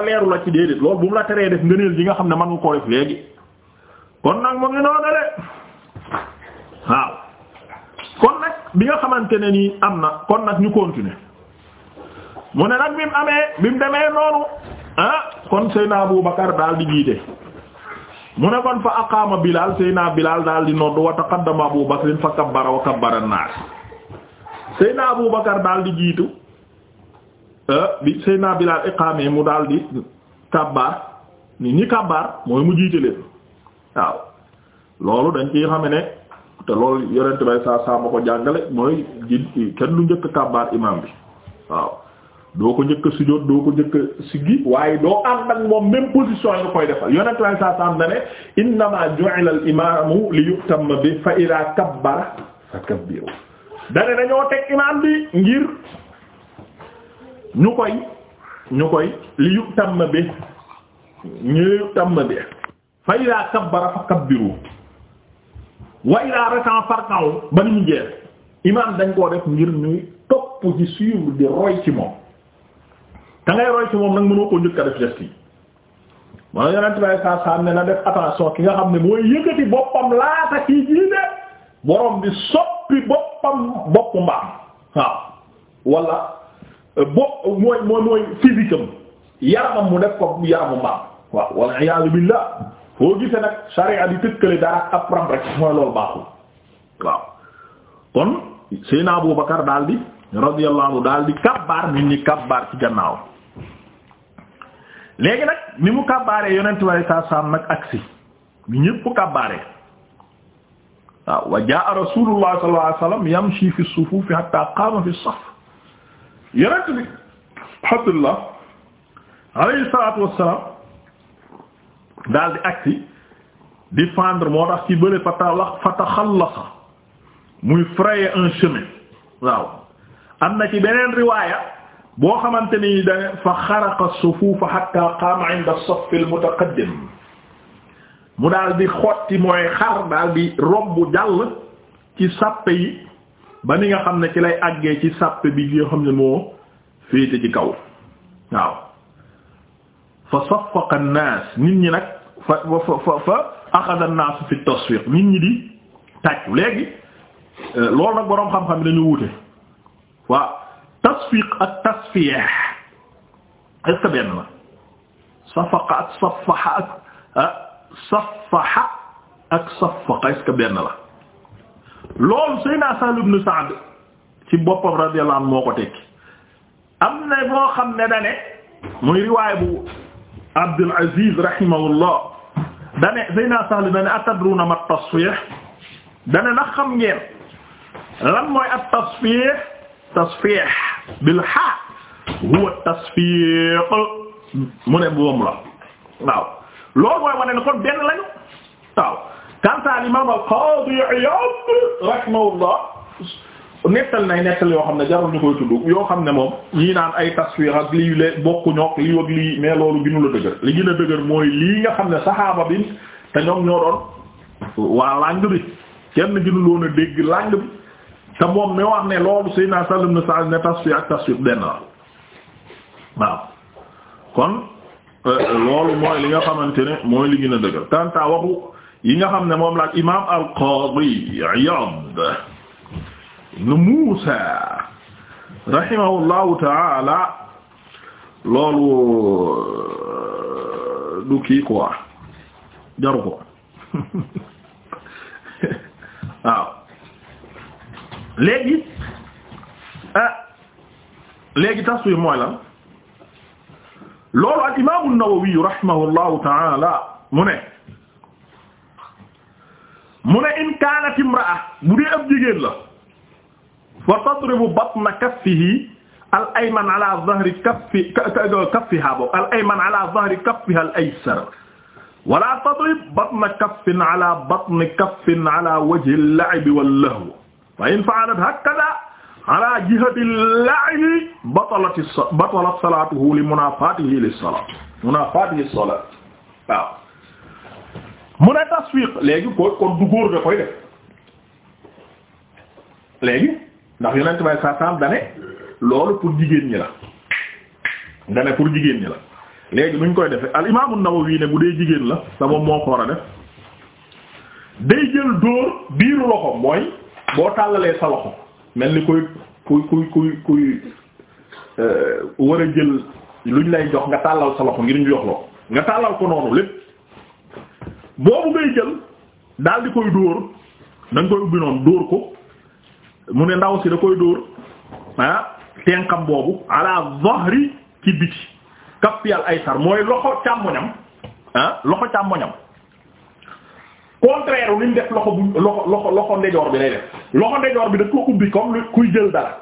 leeru la ci déedéet loolu bu mu la teree def ngëneel yi nga xam ne man nga koo def léegi kon nag mu ngi noonu de waaw kon nag bi nga xamante ne nii am na kon nag ñu continuer mu ne nag bi mu amee bi mu demee noonu ah kon Seyna Abu Bakar daal di jiite mu ne kon fa aqaama Bilal Seyna Bilal daal di nodd wa taqaddama Abu Bakrin fa kabbara wa kabbara an-nas Seyna Bakar daal di jiitu. Euh, bi Seydina Bilaal iqaamee mu daal di kàbbaar ni ñi kàbbaar mooy mu jiite leen waaw loolu dañ ciy xame ne te loolu yorente bay saa saa jàngale mooy ji kenn du njëkk kàbbaar imaam bi waaw doo ko njëkk sujjóot doo ko njëkk siggi waaye doo ànd ak moom même position yi koy defal yonent bay saa saa innama ju'ila al imaamu li yutamma bi fa ila kabbara fa dane dañoo teg imaam bi ngir ñu koy ñu koy li yu tàmm bi ñu yu tàmm bi fa idaa kabbara fa kabbiru wa idaa raka'a farka'u ba ni ñu jeex imaam dañ koo def ngir ñuy topp ci suivre di roy ci moom te ngay roy ci moom nag mënoo koo njëkk def geste yi moo ne na def attention ki nga xam ne mooy yëkkati boppam laata kii jiite borom bi soppi boppam boppu mbaam waaw Euh, bopp mooy mooy mooy physique yaramam mu def ko yaramu mbaam waaw wal iyaadu billah foo gisee nag sharia di tëkkale dara ak pram rek mooy loolu baaxul waaw kon Seydina Abu Bakar daal di radiyallahu anhu daal di kabbaar nit kabbaar ci gannaaw léegi nag ni mu kabbaaree yonentu Yàlla saa nag agsi ñépp kabbaaree waaw wa jaa rasulullah sallallahu alayhi wasallam yamshi fi sufufi hatta qama fi saf yonent bi Abdullah alayhi salaatu wassalaam daal di agsi di fendre moo tax ci bële fatala fataxallasa muy frayer un chemin waaw am na ci beneen riwaaya boo xamante ni da fa xaraqa sufuufa hatta qaama inda as-saff al-mutaqaddim mu daal di xotti mooy xar daal di romb jàll ci sàppe yi ba ni nga xam ne ci lay àggee ci sàppe bi nga xam ne moo féete ci kaw waaw fa saffaqa an-naas nit ñi nag fa fa fa fa axada an-naas fi tasfiq nit ñi di tàccu léegi euh, loolu nag boroom xam-xam yi dañu wuute waaw tasfiq ak tasfiix est ce que benn la safaqa ak safaxa ak ah safaxa ak safaqa est ce que benn la loolu Seydina Sahl ibn Sa'd ci boppam radiyallahu anhu moo ko am na boo xam ne dane muy riwaay bu Abdul Aziz rahimahullah dane Seydina Sahl dane atadruna ma tasfih dane ndax xam ngeen lan mooy at tasfih tasfih bil ha huwa tasfih mu ne boobu la waaw loolu mooy wane ne kon benn lañu waaw kantaal imam al-Qaadi Iyaad rahimahullah nettal nay nettal yoo xam ne jarul ñu koy tudd yoo xam ne moom ñii naan ay taswiir ak lii le bokku ñook lii ak lii mais loolu gënu la dëgër li gën a mooy lii nga xam ne saxaaba bi te ñoom ñoo doon waa langue bi kenn gënuloon a dégg bi te moom mi wax ne loolu say naa sallam na sag ne taswiir ak taswiir benn la waaw kon euh, loolu mooy li nga xamante ne mooy li gën a dëgër waxu yi nga xam ne moom la imaam al-Qaadi Iyaad ibn Muusaa rahimahullahu taala loolu euh, du kii quoi jaru ko waaw léegi ah léegi taswir mooy lan loolu al imaamu Nawawi rahimahullahu taala mu ne. mu ne in kaanat imra'a bu dee ab jigéen la fa tadribu batna kaffihi al ayman ala dhahri kaffi kaffiha bo al ayman ala dhahri kaffiha al aysar wala tadrib batna kaffin ala batni kaffin ala wajhi al la'bi wal lahwi fa in fa'alat hakadha ala jihati al la'bi batalat batalat salatuhu li munafatihi lis salat munafatihi salat waaw mu ne tasfiq léegi ko kon du góor da koy def léegi ndax yonent bay sa sam dane loolu pour jigéen ñi la ne pour jigéen ñi la léegi nuñ koy defee al imaamu wii ne bu dee jigéen la sa moo ko war a def day jël dóor biiru loxo mooy boo tàllalee sa loxo mel ni kuy kuy kuy kuy kuy euh, war a jël ñu lay jox nga tàllal sa loxo ngir ñu jox loo nga tàllal ko noonu lépp boobu ngay jël daal di koy dóor da nga koy ubbi noonu dóor ko mu ne ndaw si da koy dóor ah tenqam boobu ala zahri ci biti kappiyal aysar mooy loxo càmmoñam ah loxo càmmoñam contraire li mu def loxo bu loxo loxo loxo ndejoor bi lay def loxo ndejoor bi da ko ubbi comme kuy jël dara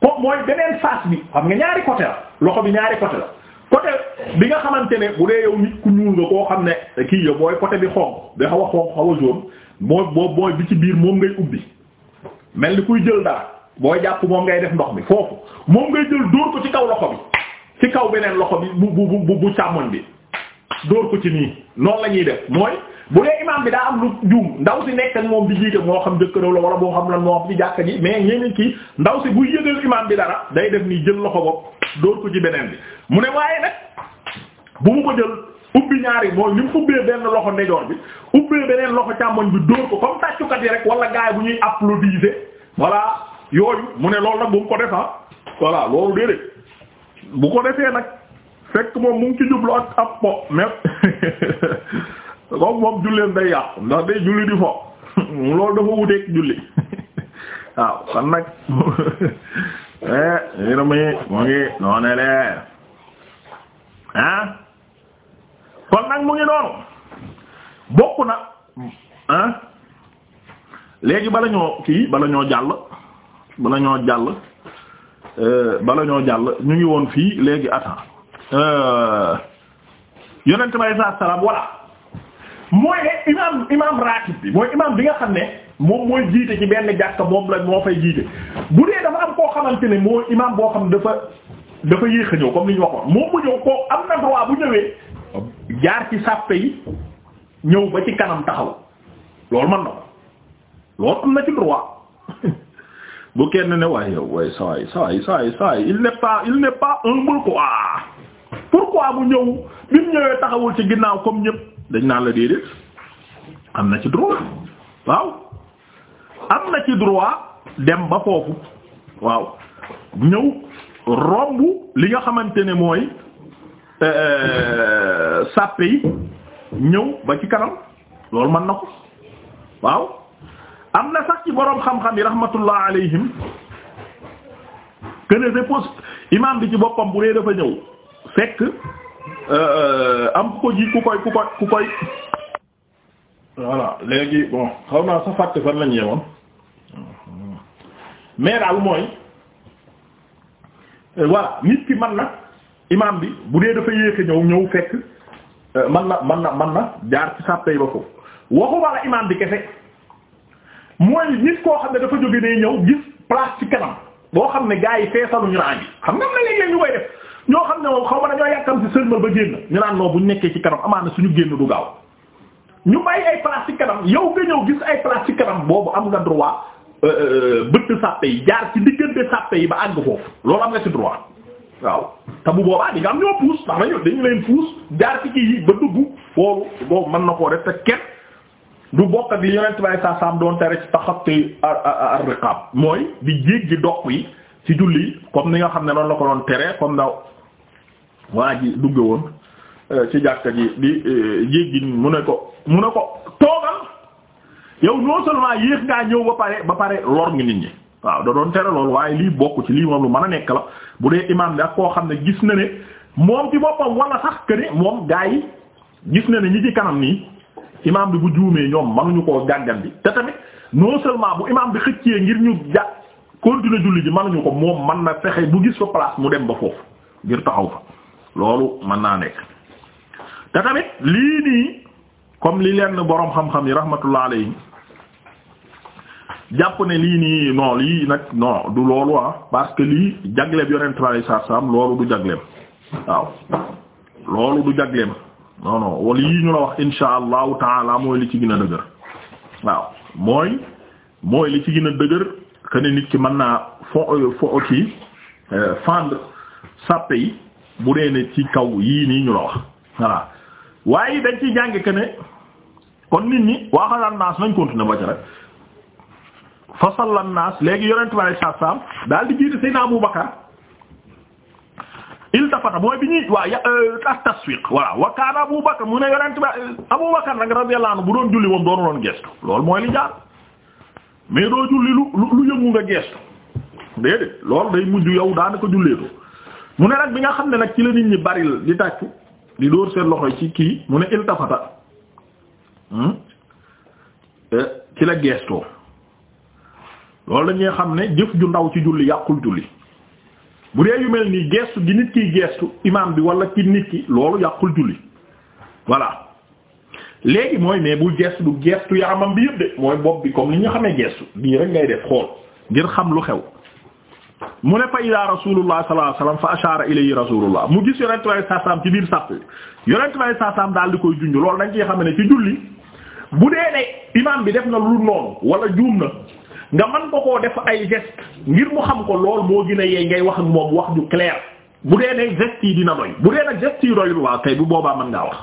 ko mooy beneen face bi xam nga ñaari côté la loxo bi ñaari côté la côté bi nga xamante ne bu dee yow nit ku ñuul nga koo xam ne kii yo mooy côté bi xonq bi xaw a xonq xaw a jaune mooy boobu bi ci biir moom ngay ubbi mel ni kuy jël dara booy jàpp moom ngay def ndox mi foofu moom ngay jël dóor ko ci kaw loxo bi ci kaw beneen loxo bi bu bu bu bu bi dóor ko ci nii noonu lañuy def mooy bu dee imaam bi daa am lu juum ndaw si nekk ak moom di jiite moo xam jëkkëraw la wala boo xam lan moo xam ci jàkka ji mais ñeneen kii ndaw si buy yëgal imaam bi dara day def nii jël loxo bopp dóor ko ci beneen bi mu ne waaye nag bu mu ko jël ubbi ñaari mooy ni mu ubbee benn loxo ndejoor bi ubbee beneen loxo càmmoñ bi dóor ko comme tàccukat yi rek wala gaay bu ñuy applaudir voilà yooyu mu ne lool nag bu mu ko defa voilà loolu déedéet bu ko defee nag fekk moom mu ci jublu ak ab po mais moom moom julleen day yàqu ndax day julli di fo loolu dafa wuteeg julli waaw kon nag eh, ngir mi mu ngi noone lee ah kon nag mu ngi noonu bokk na léegi bala ñoo kii bala ñoo jàll bala ñoo jàll euh, bala ñoo jàll ñu ngi woon fii léegi attends euh, yonent bay saa salaam mooy ne imaam imaam ratib bi mooy imaam bi nga xam ne moom mooy jiite ci benn jàkka moom lañ moo fay jiite bu dee dafa am koo xamante ne mooy imaam boo xam dafa dafa yéex a ñëw comme ni ñu waxoon moom mu ñëw koo am na droit bu ñëwee jaar ci sàppe yi ñëw ba ci kanam taxaw loolu man na ko loolu am na ci droit bu kenn ne waaye yow waaye saa yi saa yi saa yi saa yi il n'est pas il n'est pas humble quoi pourquoi mu ñëw bi mu ñëwee taxawul ci ginnaaw comme ñëpp. dañ naan la déedéet am na ci droit waaw am na ci droit dem ba foofu waaw ñëw romb li nga xamante ne mooy euh, euh, sàppe yi ñëw ba ci kanam loolu mën na ko waaw am na sax ci boroom xam-xam yi rahmatullah alayhim que ne c'est possible imam bi ci boppam bu dee dafa ñëw fekk Euh, euh, am ko ji ku koy ku koy ku koy voilà léegi bon xaw naa sa fàtte fan lañ yeewoon mais daal mooy euh, voilà nit ki man na imaam bi bu dee dafa yéexe ñëw ñëw fekk man na man na man na jaar ci sàppey ba foofu waxu walla imaam bi kese mooy nit koo xam ne dafa jóge ne ñëw gis place ci kanam boo xam ne gaa yi feesaluñu rang yi xam nga am na léeg ñu koy def ñoo xam ne moom xaw ma dañoo yàkkam ci sëlmal ba génn ñu naan non bu ñu nekkee ci kanam amaana suñu génn du gaaw ñu may ay place ci kanam yow nga ñëw gis ay place ci kanam boobu am nga droit euh, euh, bëtt sàppe yi jaar ci diggante sàppe yi ba àgg ko loolu am nga ci droit waaw te bu boobaa di nga am ñoo puus ndax nañu dañu leen puus jaar ci kii yi ba dugg foofu boobu mën na koo rek te kenn du bokk ak li yonent bay saa saam doon tere ci taxatti mooy di jéggi doq yi ci julli comme ni nga xam ne noonu la ko doon waa ji dugge woon euh, ci jàkka ji di euh, jéggin mu ne ko mu ne ko toogal yow non seulement yéex ngaa ñëw ba pare ba pare lor ngi nit ñi waaw da doon tere loolu waaye lii bokk ci lii moom lu man a nekk la bu dee imaam bi ak koo xam ne gis na ne moom ci boppam wala sax que ne moom gaa yi gis na ne ñi ci kanam nii imaam bi bu juumee ñoom mënuñu koo gàggan bi te tamit non seulement bu imaam bi xëccee ngir ñu ja continuer julli ji mënuñu ko moom man na fexe bu gis fa mu dem ba foofu taxaw fa loolu mën naa nekk te tamit lii nii comme li lenn boroom xam-xam yi rahmatullah alayhi jàpp ne lii nii non lii nag non du loolu ah parce que lii jagleeb yonent bi alayhi salaam loolu du jagleem waaw loolu du jagleem non non ñu la wax insha allahu taala mooy li ci gën a dëgër waaw mooy mooy li ci gina dëgër que nit ki mën naa fo fo kii euh, fendre sàppe yi bu dee ci kaw yii nii ñu la wax voilà waaye dañ ciy jàng que ne kon nit ñi waa xasaan naas nañ continuer ba ci rek fasal lan naas léegi yonent bale saab saab daal di jiite Seydina Abu Bakar iltafata mooy bi ñuy waa ya euh, taswiq voilà wa kaana Abu Bakar mu ne yonent ba Abu Bakar nag radiyallahu bu doon julli moom doonu doon gestu loolu mooy li jaar mais doo julli lu lu yëngu nga gestu déedéet loolu day mujj yow daanaka julleetu mu ne nag bi nga xam ne nag ci la nit ñi bari di tàccu di dóor seen loxo ci kii mu ne iltafata hmm? eh, ci la geestoo loolu dañuy xam ne jëf ju ndaw ci julli yàqul julli bu dee yu mel nii geestu gi nit kiy geestu imaam bi wala ki nit ki loolu yàqul julli voilà léegi mooy mais bu geestu du geestu ma bi yëpp de mooy bopp bi comme ni ñu xamee geestu bii rek ngay def xool ngir xam lu xew mu ne fa ila rasulullah sallallahu alayhi wasallam fa ashara ilayhi rasulullah mu gis yonent bi saa saam ci biir sàpp yonent bi daal di koy junj lool dañ ciy xam ne ci julli bu dee ne imaam bi def na lu noonu wala juum na nga mën ko koo def ay geste ngir mu xam ko lool moo gën a yee ngay wax ak moom wax ñu clair bu dee ne geste yi dina doy bu dee nag geste yi doyul waaw tey bu boobaa man ngaa wax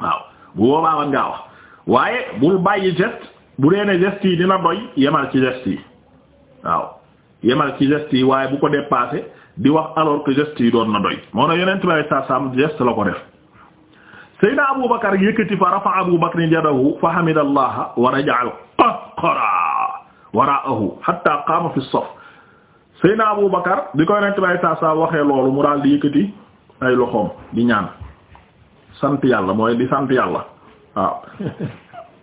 waaw bu boobaa mën ngaa wax waaye bu bàyyi geste bu dee ne geste dina doy yemal ci geste yi yemal ci geste yi waaye bu ko dépassé di wax alors que geste yi doon na doy moo ne yeneen tubaab saa saam la ko def. Seydina Aboubacar yëkkati fa rafa Aboubacar yadahu fa a wa raja'a al-qahqara wara'ahu hatta qama fi as-saf Seydina Aboubacar di ko yeneen tubaab saa saam loolu mu daal di yëkkati ay loxoom di ñaan sant yàlla mooy di sant yàlla waaw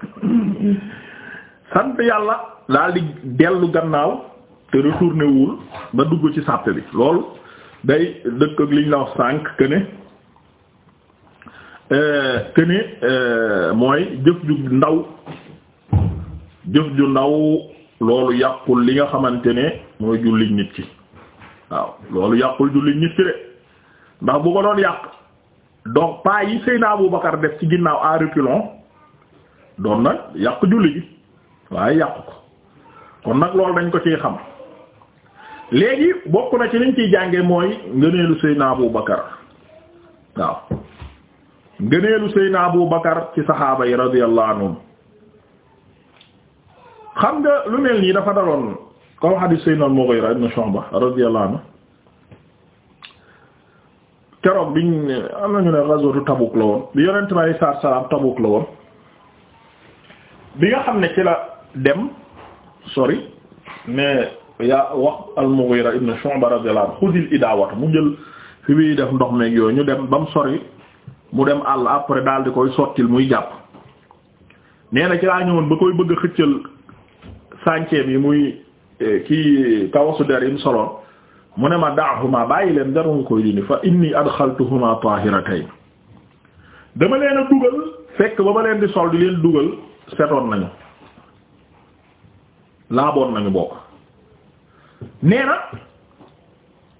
sant yàlla daal di dellu gannaaw. te retourné wul ba dugg ci sàpp bi loolu day dëkk liñ la wax sànq que ne euh, que euh, mooy jëf ju ndaw jëf ju ndaw loolu yàqul li nga xamante ne mooy julli nit ki waaw loolu yàqul julli nit ki de ndax bu ko doon yàq donc pas yi Seyna Abu Bakar def ci ginnaaw à reculons doon na yàq julli gi waaye yàq ko kon nag loolu dañ ko ci xam. léegi bokk na ci liñ ciy jànge mooy ngëneelu Seydina Abu Bakar waaw ngëneelu Seydina Abu Bakar ci saxaaba yi radiyallahu anhum xam nga lu mel nii dafa daloon comme hadith Seydina Mughira ibn Shu'ba radiyallahu anhu keroog biñ am nañu ne ghazwatu Tabuk la woon bi yonent bi alayhi salaam Tabuk la woon bi nga xam ne ci la dem sori mais yaa wax al-Mughira ibn Shu'ba radiyallahu anhu xudil idaawata mu jël fi muy def ndox meeg yooyu ñu dem ba mu sori mu dem àll après daal di koy sottil muy jàpp nee na ci laa ñëwoon ba koy bëgg a xëccal yi muy eh, kii kawasu der yi mu soloon mu ne ma daahuma bàyyi leen dara nga koy dindi fa inni adxaltuhuma tahiratayn dama leen dugal fekk ba ma leen di sol di leen dugal setoon nañu laaboon nañu bokk nee na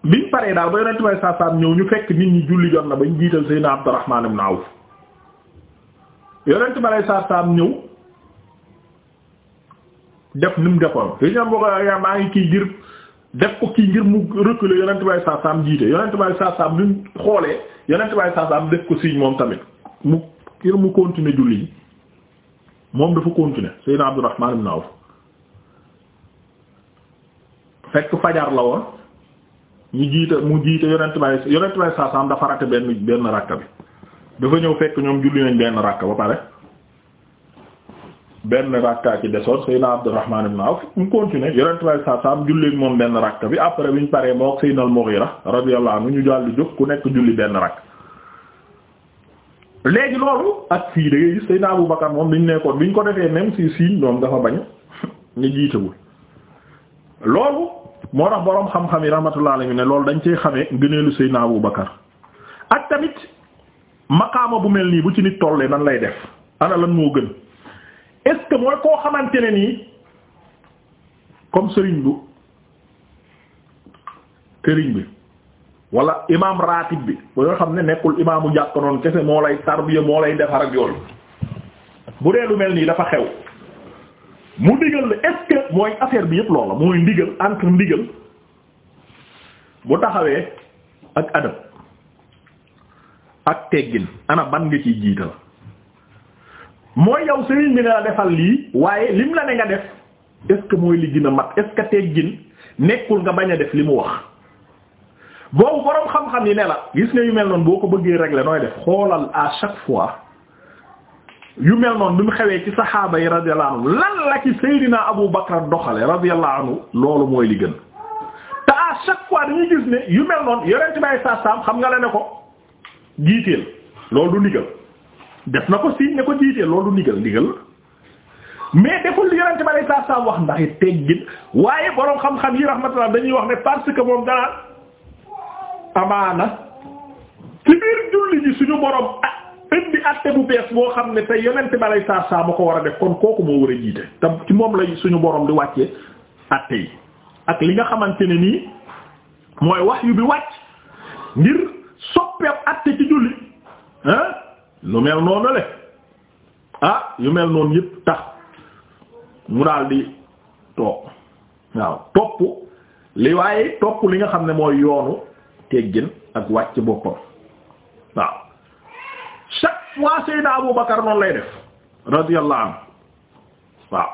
biñ paree daal ba yonent way saasaam ñëw ñu fekk nit ñi julli jot na bañ jiital Seydina Abdurrahman ibn Awf yonent balay saasaam ñëw def ni mu defoon li ñu maa ngi kii ngir def ko kii ngir mu reculer yonent bay saasaam jiite yonent bay saasaam luñ xoolee yonent bay saasaam def ko signe moom tamit mu ngir mu continuer julli ji moom dafa continuer Seydina Abdurrahman ibn Awf fekk fajar la woon ñu jiite mu jiite yonent bay yonent bay saasaam dafa rate benn benn rakk bi dafa ñëw fekk ñoom julli nañ benn rakk ba pare benn rakka ci desoon Seydina Abdurrahman ibn Awf mu continuer yonent bay saasaam julli moom benn rakk bi après bi ñu paree moo ak Seydina al-Mughira radiyallahu anhu ñu daal di jóg ku nekk julli benn rakk léegi loolu ak fii da ngay gis Seydina Bakar moom bi ñu nekkoon bi ñu ko defee même si siin ñoom dafa bañ ñu jiitewul moo tax boroom xam-xam yi rahmatullah alayhi ne loolu dañ cee xamee ngëneelu sey naa Bakar ak tamit maqaama bu mel nii bu ci nit tollee nan lay def ana lan moo gën est mooy koo xamante ne nii comme sëriñ bu këriñ bi wala imaam ratib bi ba yoo xam ne nekkul imaamu jàkk noonu kese moo lay tarbiya moo lay defar ak yoon bu dee lu mel nii dafa xew mu ndigal la est mooy affaire bi yëpp loolu la mooy ndigal entre ndigal bu taxawee ak adab ak teggin ana ban nga ci jiital mooy yow sëriñ bi ne la defal lii waaye lim la ne nga def est-ce que mooy li gën a mat est teggin nekkul nga bañ a def li mu wax boobu boroom xam-xam yi ne la gis ne yu mel noonu boo ko bëggee régler nooy def xoolal à chaque fois yu mel noon bi ñu xewee ci saxaaba yi radiyallahu anhu lan la ci Seydina Abu Bakr doxale radiyallahu anhu loolu mooy li gën te à chaque fois dañuy gis ne yu mel noonu yorenti may saasaam xam nga la ne ko jiiteel loolu du ndigal def na ko si ne ko jiiteel loolu du ndigal ndigal mais deful li yorenti may saasaam wax ndax it teggin waaye borom xam-xam yi rahmatullah dañuy wax ne parce que moom danaan amaana ci biir julli ji suñu borom indi atte bu bees boo xam ne te yonent balay saa saa ma ko war a def kon kooku moo war a jiite te moom lay suñu borom di wàccee atte yi ak li nga xamante ne nii mooy wax yu bi wàcc ngir soppeeb atte ci julli ah lu mel noonu le ah yu mel noonu yëpp tax mu daal di toog waaw topp li waaye topp li nga xam ne mooy yoonu teggin ak wàcc boppam fois Seydina Abu Bakar noonu lay def radiyallahu anhu waaw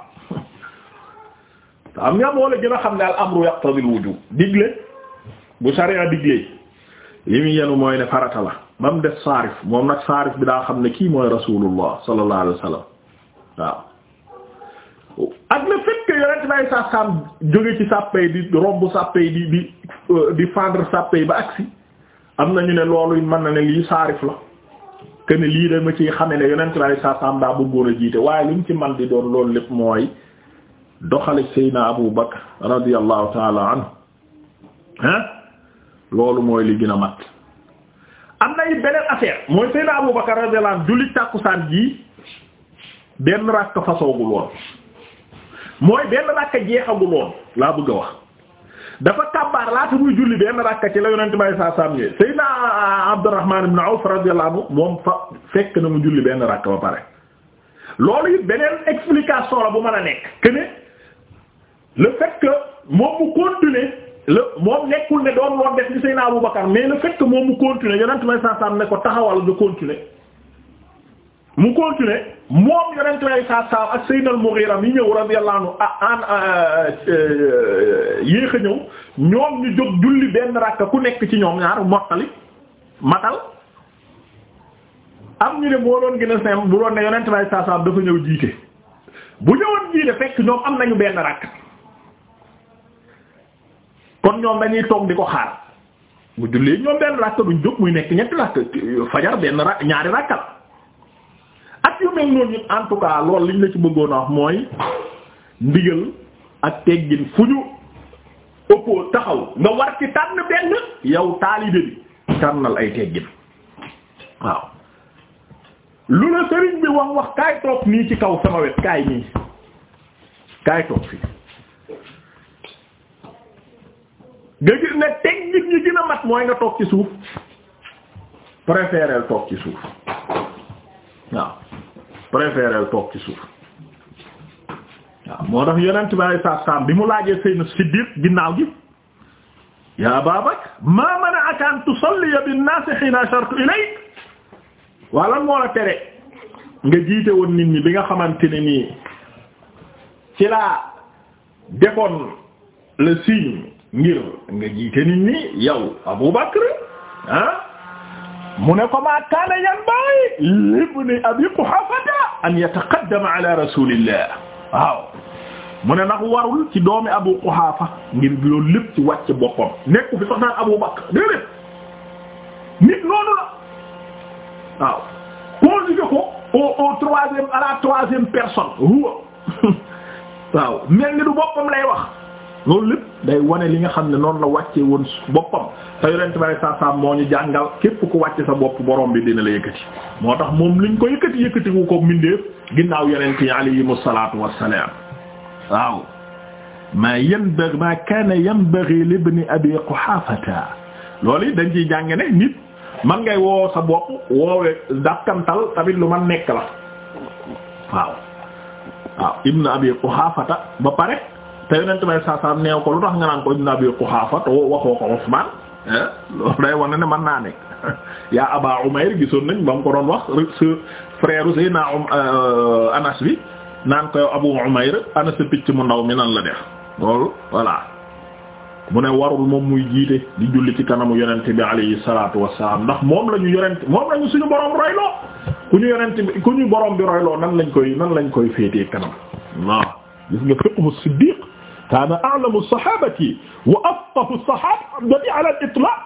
am nga moo la gën a xam ne al amru yaqtadil wujub digle bu sharia digle li muy yenu mooy ne farata la ba mu def saarif moom nag saarif bi daa xam ne kii mooy rasulullah sallallahu alayhi wa sallam waaw ak le fait que yonent bay sa sam jóge ci sàppay di romb sàppay di di euh, di fendre sàppay ba agsi am nañu ne loolu mën na ne lii saarif la que lii dama ci xame ne yonent bi alayhi salaam daa bëggoon a jiite waaye li mu ci man di doon loolu lépp mooy doxale Seydina Abu Bakr radiyallahu taala anhu ah loolu mooy li gën a mat am na it beneen affaire mooy Seydina Abu Bakr radiyallahu anhu tàkkusaan ji benn rakk fasoogul woon mooy benn rakk jeexagul woon laa bëgg a wax dafa kàbbaar laata muy julli benn rakka ci la yonent bay saa saam a Seydina Abdurrahman ibn Awf radiyallahu anhu moom fa fekk na mu julli benn rakka ba pare loolu it beneen explication la bu mën a nekk que ne le fait que moom mu continuer le moom nekkul ne doon loon def ni Seydina Abubakar mais le fait moom mu continuer yonent bay saa saam ne ko taxawal nga continuer mu continuer moom yonent lay saa saa ak Seydina Mughira mi ñëw radiyallahu anhu ah, an ah, euh, euh, yéex a ñëw ñoom ñu jóg julli benn rakka ku nekk ci ñoom ñaar mottali matal am ñu ne moo doon gën a sem bu doon ne yonent lay saa dafa ñëw jiite bu ñëwoon jiite fekk ñoom am nañu benn rakk kon ñoom dañuy toog di ko xaar mu julli ñoom benn rakk duñ jóg muy nekk ñetti rakk fajar benn rakk ñaari rakkal ak yu mel noonu yëpp en tout liñ la ci bëggoon a wax mooy ndigal ak teggin fu ñu ëppoo taxaw nga war ci tànn benn yow taalibe bi tànnal ay teggin waaw lu la sëriñ bi wax wax kaay toog nii ci kaw sama wet kaay nii kaay toog fii nga gis ne teggin ñi gën mat mooy nga toog ci suuf préféreel toog ci suuf waaw préféré toog ci suuf waaw moo tax yonent bi alei saatu bi mu laajee sëy na Siddiq ginnaaw gi ya Abaa Bakr maa mana'aka an tusalliya bin-naasi hiina ashartu ilayk waa lan moo la tere nga jiite woon nit ñi bi nga xamante ne nii ci laa defoon le signe ngir nga jiite nit ñi yow Abu Bakr ah mu ne ko maa kaana yanbaghi li ibni Abi Quhaafata an yataqaddama ala rasulillah waaw mu ne ndax warul ci doomi Abu Quhafa ngir loolu lépp ci wàcc boppam nekku fi sax naan Abu Bakr déedéet nit noonu la waaw conjugué ko au au troisième à la troisième personne huwa waaw mel ni du boppam lay wax loolu lépp day wone li nga xam ne noonu la wàccee woon boppam te yonent bi saa saa moo ñu jàngal képp ku wàcce sa bopp boroom bi dina la yëkkati moo tax moom liñ ko yëkkati yëkkati wu ko mbindeef ginnaaw yonent yi alayhimu salaatu wassalaam waaw maa yanbaghi maa kaana yanbaghi li ibni abi quhaafata loolu dañ ciy jàng ne nit man ngay woo sa bopp woowee dàkkantal tamit lu man nekk la waaw waaw ibn abi quhaafata ba pare te yonent may saasaam neew ko lu tax nga naan ko ibn Abi Quhaafa te waxoo ko Usmaan loolu day wane ne man naa ne yaa Aba Umayr gisoon nañ ba mu ko doon wax sa frère Seydina euh, Anas bi naan ko Abu Umayr Anas picc mu ndaw mi nan la def loolu voilà mu ne warul moom muy jiite di julli ci kanamu yonent bi alayhi salaatu wassalaam ndax moom la ñu yonent moom la ñu suñu borom royloo ku ñu yonent bi ku ñu bi royloo nan lañ koy nan lañ koy féetee kanam waaw gis nga kaana a'lamu sahabati wa afqahu sahabati ala al-itlaq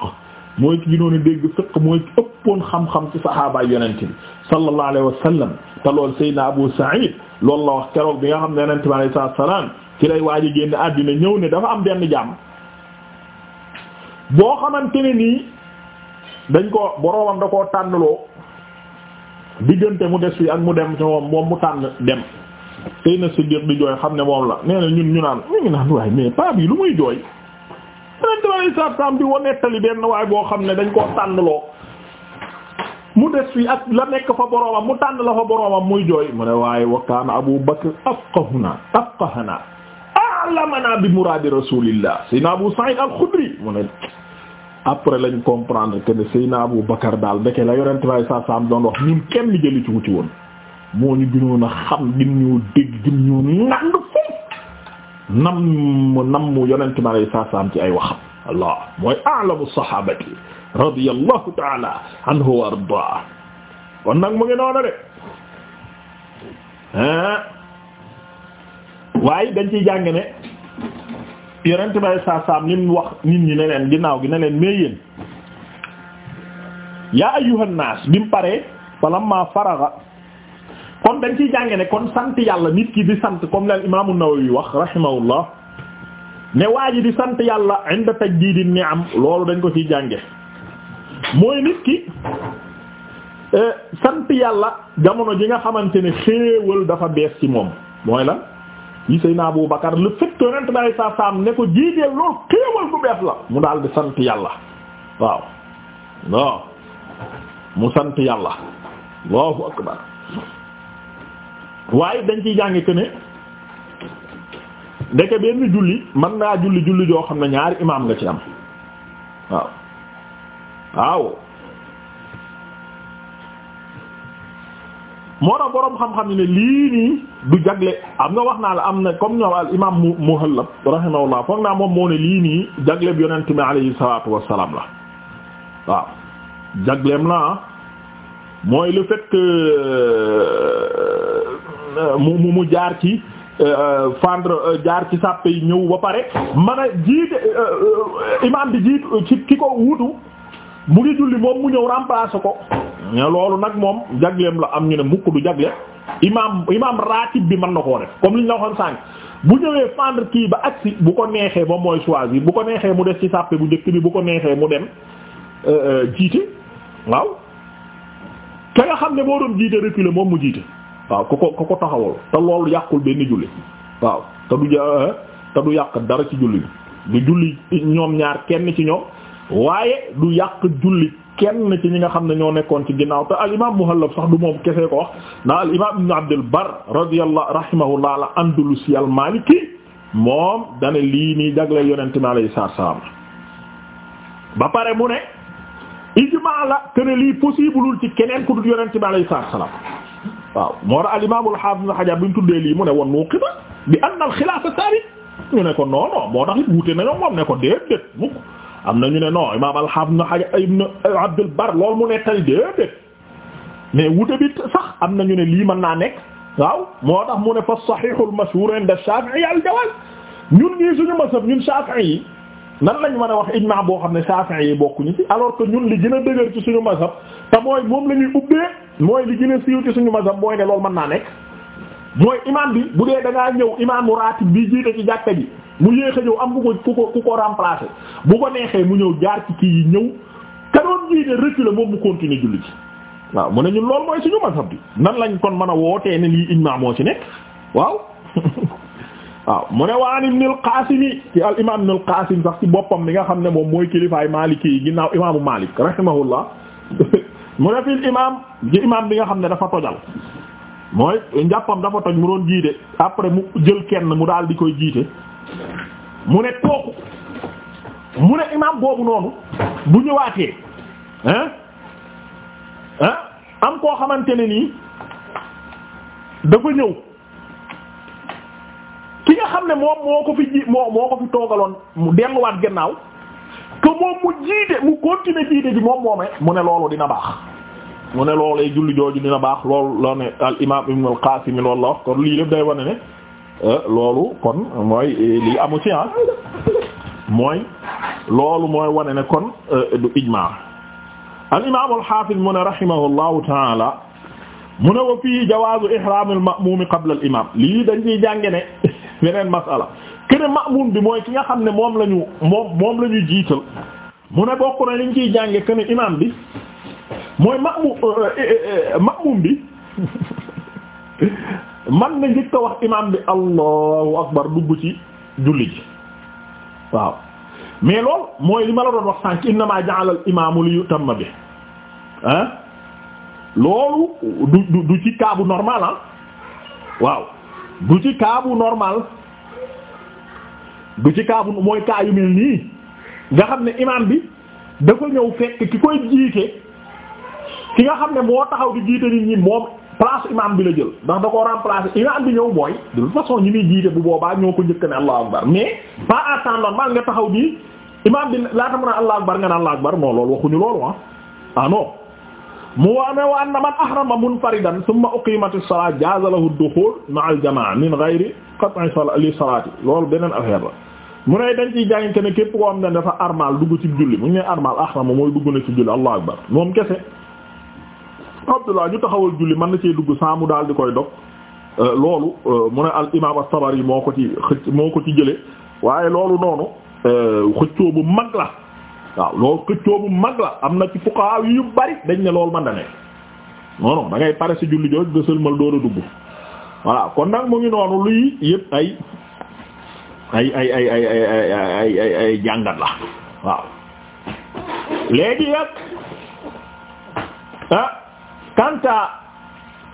mooy ki gënoon a dégg fiq mooy ki ëppoon xam-xam ci saxaabaay yonent bi sallallahu alayhi wa sallam te loolu Seydina Abu Sa'id loolu la wax keroog bi nga xam ne yonent bi alayhi salaatu wa salaam ci lay waaj a génn àddina ñëw ne dafa am benn jàmm. boo xamante ne nii dañ ko boroomam da koo tànnaloo diggante mu des fii ak mu dem ci moom moom mu tànn dem. tey na Siddiq di jooy xam ne moom la nee na ñun ñu naan ñu ngi naan waaye mais paa bi lu muy jooy yonent bi wa nettali benn waaye boo xam ne dañ koo tànnloo mu des fi ak la nekk fa boroomam mu tànn la fa boroomam muy jooy mu ne waaye wa kaana Abu Bakr afqahuna afqahana a'lamana bi muraadi rasulillah Seydina Abu Sa'id al-Khudri mu ne après lañ comprendre que ne Seydina Abu Bakr daal ndeke la yonent bi alei satu salaam doon wax ñun kenn jëli ci wu ci woon moo ñu gënoon a xam gin ñu dégg gin ñoo nànd foofu nam mu nam mu yonente mi alay saasaam ci ay waxam allah mooy alamu sahabati radiyallahu taala anhu wa ardaa kon nag mu ngi noona de waaye dañ ciy jàng ne yonente mi alay saasaam lim wax nit ñi ne leen ginnaaw gi ne leen mais yéen yaa ayyuhan naas bi mu paree falamma faraga kon dañ ciy jànge ne kon sant yàlla nit ki di sant comme la imaamu An-Nawawi wax rahimahullah ne waa ji di sant yàlla inda tajdiidi ni'am loolu dañ ko ciy jànge mooy e, sant yàlla jamono ji nga xamante ne xéewal dafa bees ci moom mooy lan yi Seydina Abu Bakar lu fait que yonent bi saa saam ne ko jiiteel loolu xéewal bu bees la mu daal di sant yàlla waaw mu sant yàlla Allahu akbar waaye dañ ciy jànge que ne ndeke benn julli mën naa julli julli joo xam ne ñaari imaam nga ci am waaw waaw moo tax boroom xam-xam ne lii nii du jagle am nga wax naa la am na comme ñoom al imaam Muhallab rahimahullah foog naa moom moo ne lii nii jagle bi yonent mi alayhi salaatu wassalaam la waaw jagleem la mooy le fait euh, mu mu mu jaar ci euh, euh, fendre euh, jaar ci sàppe yi ñëw ba pare man a jiite imaam bi jiit ci ki ko wutu mu ngi julli moom mu ñëw remplacer ko mais loolu nag moom jagleem la am ñu ne mukk du jagle imaam imaam ratib bi mën na koo def comme liñ la waxoon sànq bu ñëwee fendre kii ba agsi bu ko neexee ba mooy choisir bu ko neexee mu def ci sàppe bu njëkk bi bu ko neexee mu dem jiite waaw ka nga xam ne boo doon jiite reculer moom mu jiite waaw ku ko ku ko taxawal te loolu yàqul benn julli waaw te du ja eh, te du yàq dara ci julli du julli ñoom ñaar kenn ci ñoom waaye du yàq julli kenn ci ñi nga xam ne ñoo nekkoon ci ginnaaw te al imam Muhallab sax du moom kese ko wax na al imam Ibn Abdul Bar radiyallahu rahimahullah al andalusi al maliki moom dane lii nii jagle yonente mi alayhi salaam ba pare mu ne ijmaa la te ne lii possibleul ci keneen ku dul yonente mi alayhi salaam waaw moo tax al imaam al hafiz ibn bi ñu tuddee lii mu ne woon nuqida bi anna al xilaafa sabit ñu ne ko non moo tax it wuute moom ne ko déedéet am na ñu ne non imaam al hafiz ibn Hajar ibn Abdul Barr tey déedéet mais wuute bi sax am na ñu ne lii mën naa nekk waaw moo tax mu ne fa sahihul mashhur inda Shafi'i al jawaz ñun ñii suñu masab ñun Shafi'i yi nan lañ mën a wax ijmaa boo xam ne Shafi'i yi bokkuñu ci alors que ñun li gën a dëgër ci suñu masab te mooy moom la ubbee mooy li gën a siiw ci suñu mazhab mooy ne loolu mën naa nekk mooy imam bi bu dee da ñëw imaamu ratib bi jiite ci jàkka ji mu yéex a ñëw am ku ko ku ko remplacer bu ko neexee mu ñëw jaar ci kii yi ñëw ka doon jiite reculer moom mu continuer julli ci waaw mu ne ñun loolu mooy suñu mazhab bi nan lañ kon mën a wootee ne lii ijmaa moo ci nekk waaw waaw mu ne waan ibn al qasim yi ci al ci boppam li nga xam ne moom mooy kilifaay maliki yi ginnaaw imaamu malik rahimahullah mu ne fil imaam ji imaam bi nga xam ne dafa tojal mooy njàppam dafa toj mu doon jiite après mu jël kenn mu daal di koy jiite mu ne toogu mu ne imaam boobu noonu bu ñëwaatee hein hein am koo xamante ne nii dafa ñëw ki nga xam ne moom moo ko fi moo ko fi toogaloon mu delluwaat gannaaw que moom mu jiite mu continuer jiite ji moom moomee mu loolu dina baax mu ne loolee julli jooju dina baax loolu la ne al imaam loolu kon lii lépp day wane ne euh, loolu kon mooy euh, lii amu ci ah mooy loolu mooy wane ne kon euh, du ijmaa al imaam al haafid mu ne rahimahullahu taala mu ne wa fii jawaazu ihraam al lii dañ ciy ne beneen masala kene ma'muum bi mooy ki nga xam ne moom la ñu moom moom la ñu jiital mu ne bokk na liñ ciy jànge kene imaam bi mooy ma'muum euh, euh, euh, bi man na njëkk ko wax imaam bi allahu akbar dugg ci julli ji waaw mais lool mooy li ma la doon wax sànq innamaa ja'ala al imaamu li yutamma bi ah loolu du du ci kaabu normal waaw du ci kaabu normal du ci kaabu mooy kaa mel nii nga xam ne imaam bi da ko ñëw fekk ki koy jiite ki nga xam ne moo taxaw di jiite nit ñi moom place imaam bi la jël ndax da koo remplacer imaam bi ñëw mooy de toute façon ñi muy jiite bu boobaa ñoo ko njëkk ne allahu akbar mais pas à temps normal nga taxaw di imaam bi laata mën a allahu akbar nga ne allahu akbar non loolu waxuñu loolu ah ah mu waame wa anna man ahrama munfaridan thumma uqimat as-salat jaza lahu ad-dukhul ma'a al-jama'a min ghayri qat'i li salati loolu beneen affaire la mu ne dañ ciy jàngante ne képp koo xam ne dafa armal dugg ci julli mu ngi ne armal ahrama mooy dugg na ci julli allahu akbar moom kese Abdullah ñu taxawal julli mën na cee dugg saamu daal di koy dog euh, loolu euh, mu ne al imam at yi moo ko ci xëcc moo ko ci jële waaye loolu noonu euh, xëccoo bu mag la waaw loolu xëccoo bu mag la am na ci fuqaha yu bari dañ ne loolu man da ne non pare si julli jooju nga sëlmal door a dugg voilà kon nag mu ngi noonu luy yëpp ay ay ay ay ay ay jàngat la waaw léegi nag ah kanta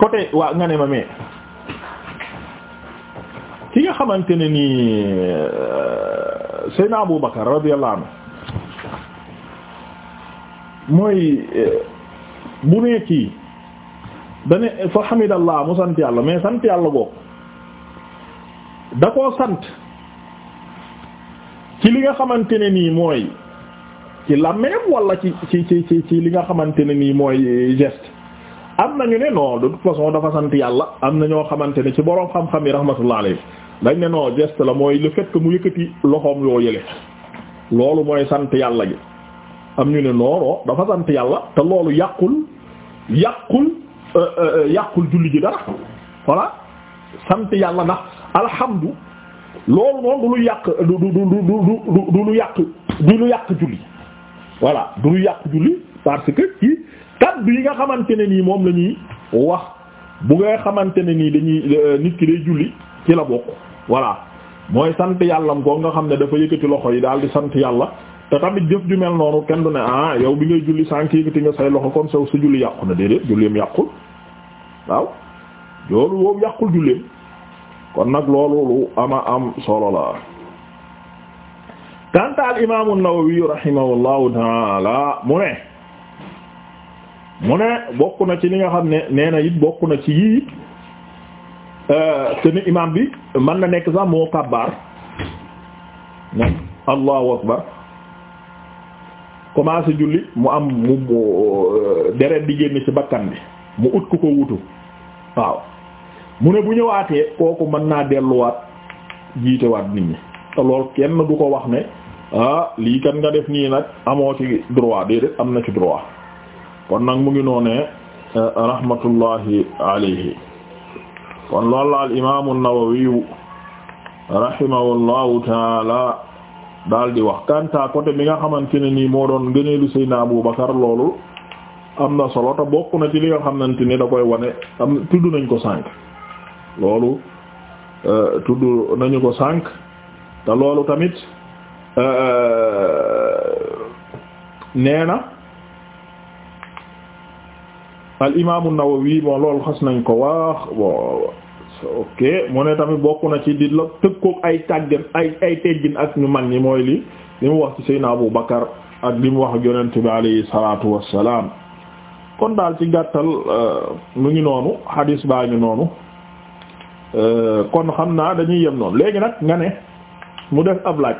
côté waa nga ne ma mais ki nga xamante ne nii Seydina Bakar radiyallahu anhu mooy eh, bu nee kii dane fa hamidallah mu sant yàlla mais sant yàlla boobu da koo sant ci li nga xamante ne nii mooy ci làmmeem wala ci ci ci ci li nga xamante ne nii mooy geste am nañu ne non de toute façon dafa sant yàlla am na ñoo xamante ne ci borom xam-xam yi rahmatullah alayhi dañ ne non geste la mooy le fait mu yëkkati loxoom yoo yële loolu mooy sant yàlla gi am ñu ne nooroo dafa sant yàlla te loolu yàqul yàqul euh, euh, yàqul julli ji dara voilà sant yàlla ndax alhamdu loolu noonu du lu yàq du du du du du du lu yàq du lu yàq julli voilà du lu yàq julli parce que ci kaddu yi nga xamante ne nii moom la ñuy wax bu nga xamante ne nii dañuy euh, nit ki day julli ci la bokk voilà mooy sant yàllam ko nga xam ne dafa yëkkati loxo yi daal di sant yàlla te tamit jëf ju mel noonu kenn du ne ah yow bi ngay julli sànq yëkkati nga say loxo kon saw sa julli yàqu na déedéet julleem yàqul waaw loolu woowu yàqul julleem kon nag loolu lu ama am solo la kanta al imaamu Nawawi rahimahullahu taala mu ne mu ne bokk na ci li nga xam ne nee na bokk na ci yii te euh, ni imaam bi mën na nekk sax moo kabbar ne allahu akbar commencé julli mu am mu euh, deret di génn ci bakkan bi mu ut ku ko wutu waaw mu ne bu ñëwaatee kooku mën naa delluwaat jiitewaat nit ñi te lool kenn du ko wax ne ah, lii kan nga def nii nag amoo ci droit déedéet am na ci droit kon nag mu ngi noonee euh, rahmatullahi alayhi kon loolu al imaamu Nawawi rahimahullahu taala daal di wax kanta côté bi nga xamante ne nii moo doon gëneelu Seydina Abu Bakar loolu am na solo te bokk na ci li nga xamante ni da koy wane am tudd nañ ko sànq loolu euh, tudd nañu ko sànq te loolu tamit euh, euh, nee na al imaamu Nawawi bon lool xas nañ ko wax ok mu ne tamit bokk na ci di la tëkkoog ay tàggen ay ay teggin ak ñu mag ñi mooy lii li mu wax ci Seydina Abu Bakar ak li mu wax ak yonent bi alayhi salaatu wassalaam kon daal ci gàttal euh, mu ngi noonu hadis baa ngi noonu euh, kon xam naa dañuy yem noonu léegi nag nga ne mu def ab laaj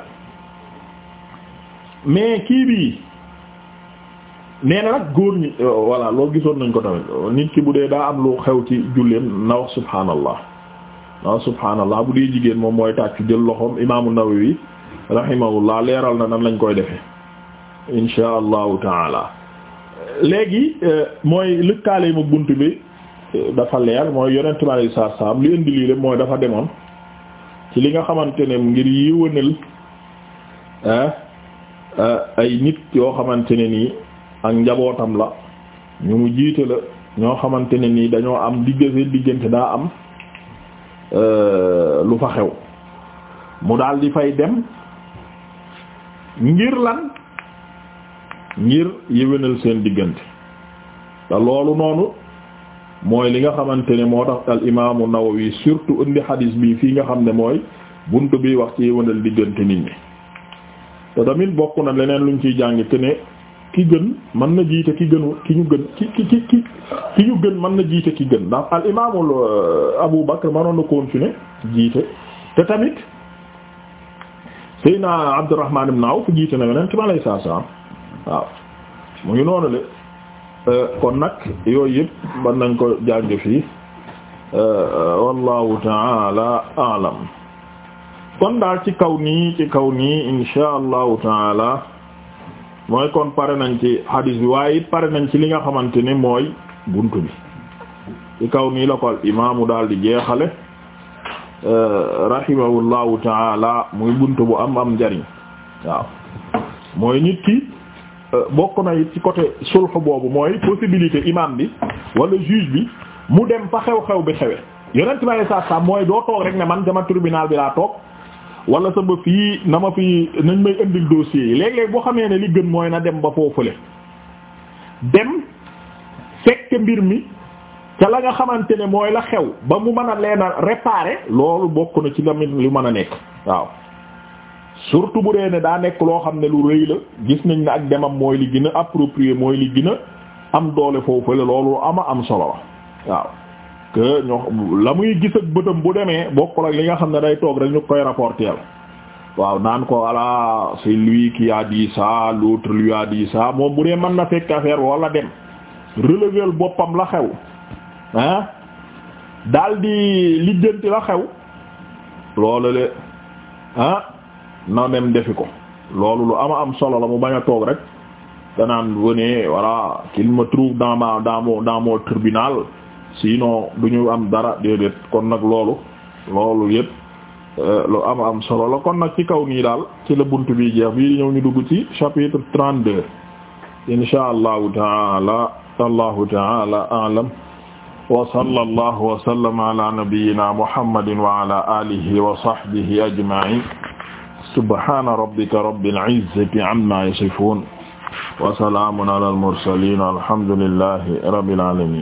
mais kii bii nee na nag góor ñi euh, voilà loolu gisoon nañ ko tamit nit ki bu dee daa am lu xew ci julleem na wax subhaanallah ah subhaanallah bu dee jigéen moom mooy tàccu jël loxoom imaamu Nawawi rahimahullah leeral na nan lañ koy defe insha allahu taala léegi euh, mooy lëkkaale ma bunt bi euh, dafa leer mooy yonent bi alayhi salaatu salaam li indi lii rek mooy dafa demoon ci li nga xamante ne ngir yiwanal euh, ay nit yoo xamante ne nii ak njabootam la ñu mu jiite la ñoo xamante ne nii dañoo am digg seen diggante daa am Euh, lu fa xew mu daal di fay dem ngir lan ngir yéwénal seen diggante te loolu noonu mooy li nga xamante ne moo tax al imaamu Nawawi surtout indi xadiis bi fii nga xam ne mooy bunt bi wax ci yéwénal diggante nit ñi te tamit bokk na leneen luñ ciy jàng te ne ki gën mën na jiite ki gënu ki ñu gën ki ki ki ki ñu gën man na jiite ki gën ndax al imaamul euh, Abu Bakr mënoon na continuer jiite te tamit Seydina Abdurrahman ibn Awf jiite na yeneen ci ma lay saa waaw mu ngi noonu le euh, kon nag yooyu yëpp mën nañ ko jàng fii euh, wallahu taala aalam kon daal ci kaw nii ci kaw nii insha allahu taala mooy kon pare nañ ci hadis bi waaye it pare nañ ci li nga xamante ni mooy bunt bi ci kaw nii la ko al imaamu daal di jeexale euh, rahimahullahu taala muy bunt bu am am njariñ waaw mooy nit ki euh, bokk na it ci côté sulh boobu mooy possibilité imam bi wala juge bi mu dem fa xew-xew bi xewe yonent bi alei sat mooy doo toog rek ne man dama tribunal bi laa toog wala sa bëf yii na ma fi nañ may indil dossiers yi léeg-léeg boo xamee ne li gën mooy na dem ba foofule dem fekk mbir mi ca la nga xamante ne mooy la xew ba mu mën a leen a réparer loolu bokk na ci tamit lu mën a nekk waaw surtout bu dee ne daa nekk loo xam ne lu rëy la gis nañ ne ak demam mooy li gën a approprié mooy li gën a am doole la loolu ama am solo la waaw que la muy gis ak bu demee bokkul ak li nga xam ne day toog rek ñu koy rapporter waaw naan ko voilà c'est lui qui a dit ça l'autre lui a dit moom bu dee man na fekk affaire wala dem relever boppam la xew ah daal di lijjanti la xew loolu le ah na dem defi ko loolu lu ama am solo la mu bañ a toog rek danaan venez voilà qu'il me trouve dans ma dans sinon du ñu am dara déedéet kon nag loolu loolu yëpp euh, lu am am solo la kon nag ci kaw nii daal ci la bunt bi jeex bii di ñëw ñu dugg ci chapitre 32 insha allahu taala allahu taala alam wa sallallahu wa sallama ala nabiyyina muhammadin wa ala alihi wa sahbihi ajma'in subhana rabbika rabbil izzati amma yasifun wa salamun ala al mursalin alhamdulillahi rabbil alamin